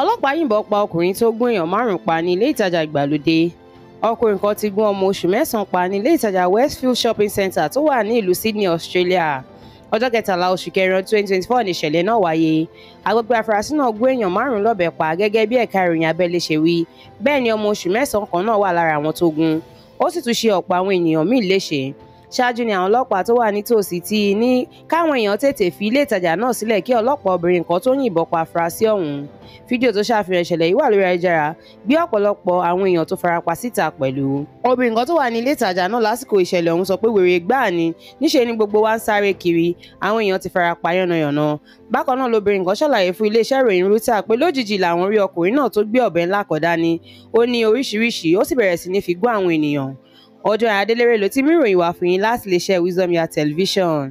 ọlọ́pàá yìnbọn pa ọkùnrin tó gún èèyàn márùn-ún pa ní ilé ìtajà ìgbàlódé ọkùnrin kan ti gún ọmọ oṣù mẹ́sàn-án pa ní ilé ìtajà Westfield Shopping Centre tó wà ní ìlú Sydney, Australia ọjọ́ kẹtàlá oṣù kẹrin twenty twenty four ní ìṣẹ̀lẹ̀ náà wáyé agbègbè afurasí náà gún èèyàn márùn-ún lọ́bẹ̀ pa gẹ́gẹ́ bí ẹ̀ka ìròyìn abẹ́lé ṣe wí bẹ́ẹ̀ ni ọmọ oṣù mẹ́sàn-án kan náà wà lára àwọn tó gún ó sì tún ṣe ọ̀pọ̀ àwọn ènìyàn míì léṣe ṣáájú ni àwọn ọlọ́pàá tó wà nítòsí ti ní káwọn èèyàn tètè fi ilé ìtajà náà sílẹ̀ kí ọlọ́pàá obìnrin kan tó yìnbọn pa afurasí ọ̀hún fídíò tó ṣàfihàn ìṣẹ̀lẹ̀ yìí wà lórí ayélujára gbé ọ̀pọ̀lọpọ̀ àwọn èèyàn tó farapa síta pẹ̀lú. obìnrin kan tó wà ní ilé ìtajà náà lásìkò ìṣẹ̀lẹ̀ ọ̀hún sọ pé wèrè gbáà ni níṣẹ́ ni gbogbo wa ń sáré kiri àwọn èèyàn ti farapa yánnayànna bákan náà lobìnrin kan ṣàlàyé fún iléeṣẹ́ ìròyìn rúta pé lójijì làwọn rí ọkùnrin náà tó gbé ọ̀bẹ ńlá kan dání ó ní oríṣiríṣi ó sì bẹ̀rẹ̀ sí ní fi gún àwọn ènìyàn Ọjọ́ra Adélérè ló ti mú ìròyìn wá fún yín láti iléeṣẹ́ Wisdom Yard Television.